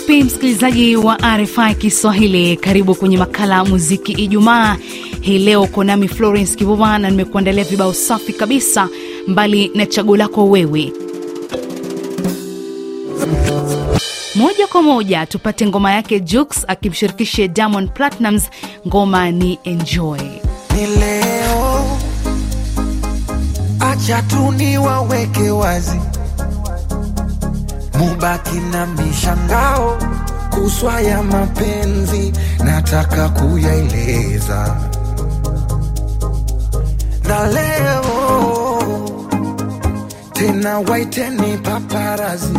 Vipi msikilizaji wa RFI Kiswahili, karibu kwenye makala muziki Ijumaa hii leo. Uko nami Florence Kivuva na nimekuandalia vibao safi kabisa, mbali na chaguo lako wewe. Moja kwa moja tupate ngoma yake Jux akimshirikishe Diamond Platnumz, ngoma ni Enjoy. Ni leo, acha tu niwaweke wazi mubaki na mishangao kuswa ya mapenzi nataka kuyaeleza na leo tena waiteni paparazi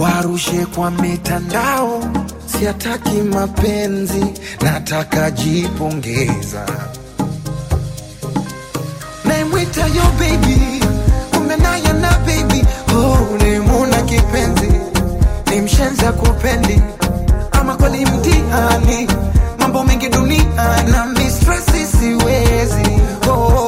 warushe kwa mitandao siataki mapenzi nataka jipongeza naimwita yo bebi na bebi huu ni muna kipenzi ni mshenza kupendi ama kweli mtihani mambo mengi dunia na mistresi siwezi oh.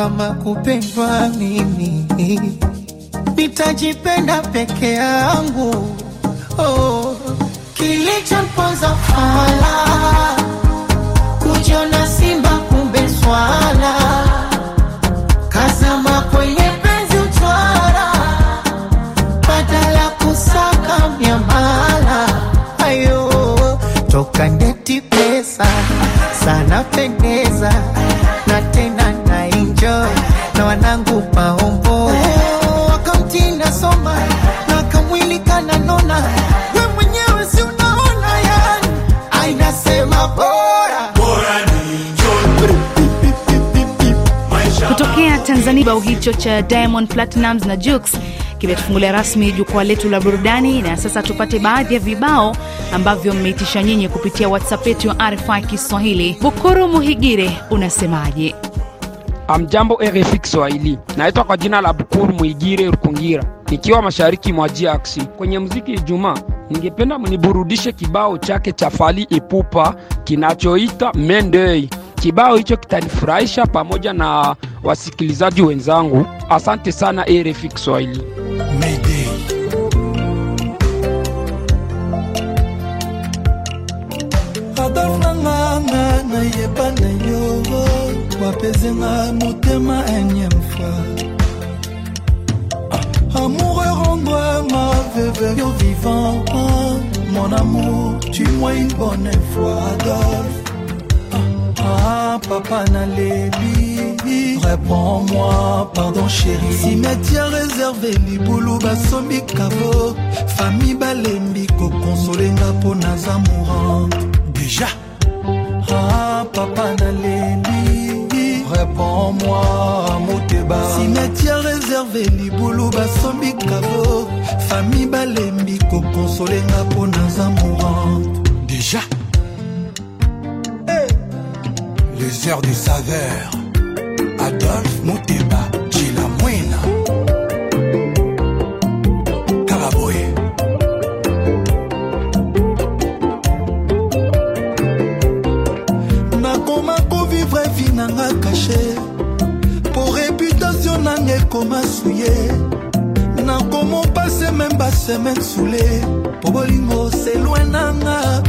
kama kupendwa mimi, nitajipenda peke yangu. Oh, kilichomponza fala kujiona simba, kumbe swala kazama kwenye penzi uchwara badala kusaka myamala Ayo toka ndeti pesa sana pendeza kibao hicho cha Diamond Platinums na Jukes kimetufungulia rasmi jukwaa letu la burudani, na sasa tupate baadhi ya vibao ambavyo mmeitisha nyinyi kupitia WhatsApp yetu ya RFI Kiswahili. Bukuru Muhigire, unasemaje? Amjambo RFI Kiswahili, naitwa kwa jina la Bukuru Muhigire Rukungira, nikiwa mashariki mwa DRC kwenye muziki Ijumaa. Ningependa mniburudishe kibao chake cha fali Ipupa kinachoita Mendei. Kibao hicho kitanifurahisha pamoja na wasikilizaji wenzangu. Asante sana RFI Kiswahili. Amour rends-moi mon amour, tu moi une bonne fois, Adolphe. Papa, Réponds-moi, pardon chérie métia réservé, boulou Basombi kabo Famille Balembi, kokonsolenga mpo naza mourante Déjà Ah, papa n'allez-lui, Réponds-moi, Moteba Cimetière réservé, boulou Basombi kabo Famille Balembi, kokonsolenga mpo naza mourante Déjà les heures de saveur. Adolphe koma Chilamouina. Caraboué. n'a caché. Pour réputation, n'a po koma nanga Na komo passer même meme même soule Pour bolingo n'a nanga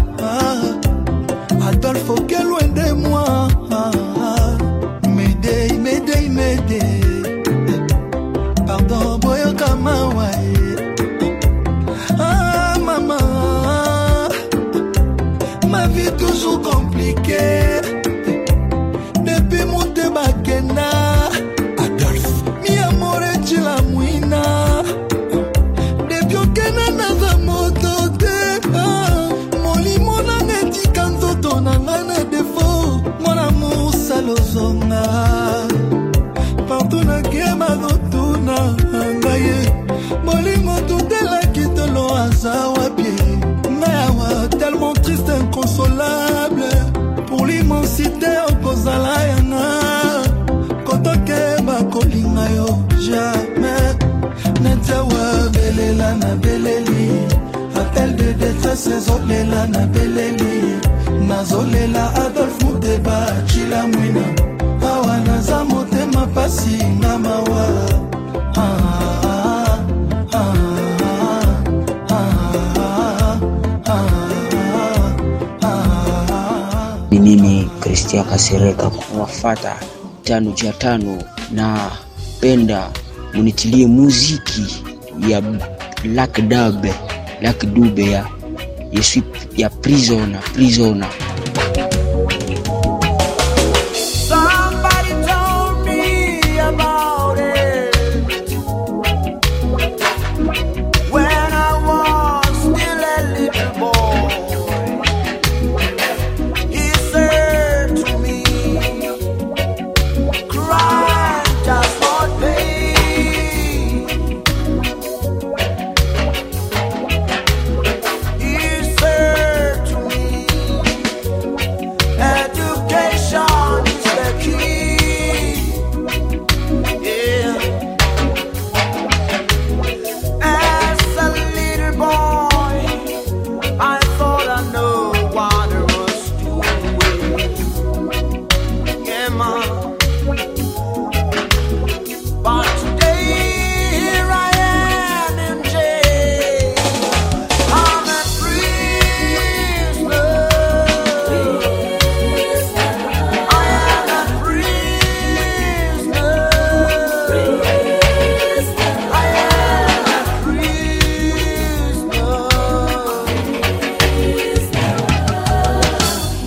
zolela nabeleli appel de détresse nazolela mwina awa naza motema mawa ah, ah, ah, ni mimi kristia kasereka kuwafata tano cha tano na penda munitilie muziki ya Luck Dube, Luck Dube ya, ya, ya Prisoner, Prisoner.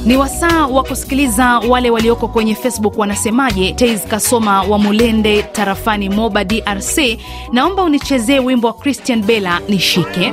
Ni wasaa wa kusikiliza wale walioko kwenye Facebook wanasemaje. Tais Kasoma wa Mulende tarafani Moba, DRC, naomba unichezee wimbo wa Christian bela nishike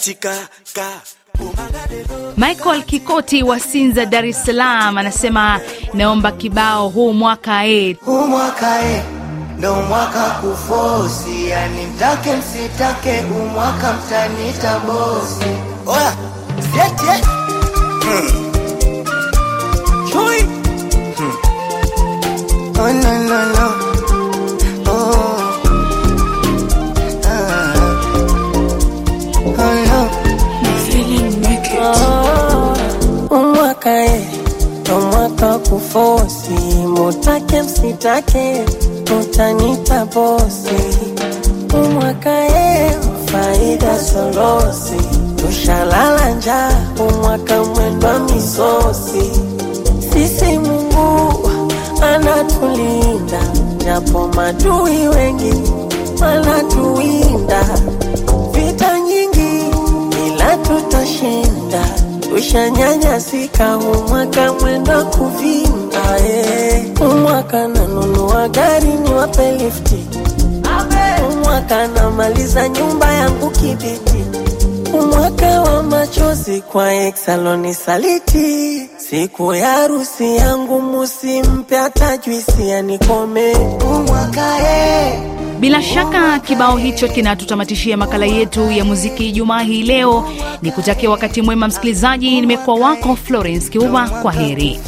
katika ka Michael Kikoti wa Sinza, Dar es Salaam anasema naomba kibao huu mwaka e, huu mwaka e ndo mwaka kufosi, yani mtake msitake, huu mwaka mtanita bosi. Oya yet, yet. Hmm. hmm. Hmm. Oh, no, no, no. force, mutake msitake, utanita bosi, umwakae faida solosi, ushalala nja umwaka mwendwa misosi. Sisi Mungu anatulinda, japo madui wengi wanatuinda vita nyingi ila tutashinda, ushanyanyasika umwaka mwendwa kuvina umwaka nanunua gari ni wape lifti, umwaka namaliza nyumba yangu kibiti, umwaka wa machozi kwa eksaloni saliti, siku ya rusi yangu musimpe hata juisi anikome umwaka eh. Bila shaka kibao hicho kinatutamatishia makala yetu ya muziki jumaa hii leo. Ni kutakia wakati mwema msikilizaji, nimekuwa wako Florence Kiuva, kwa heri.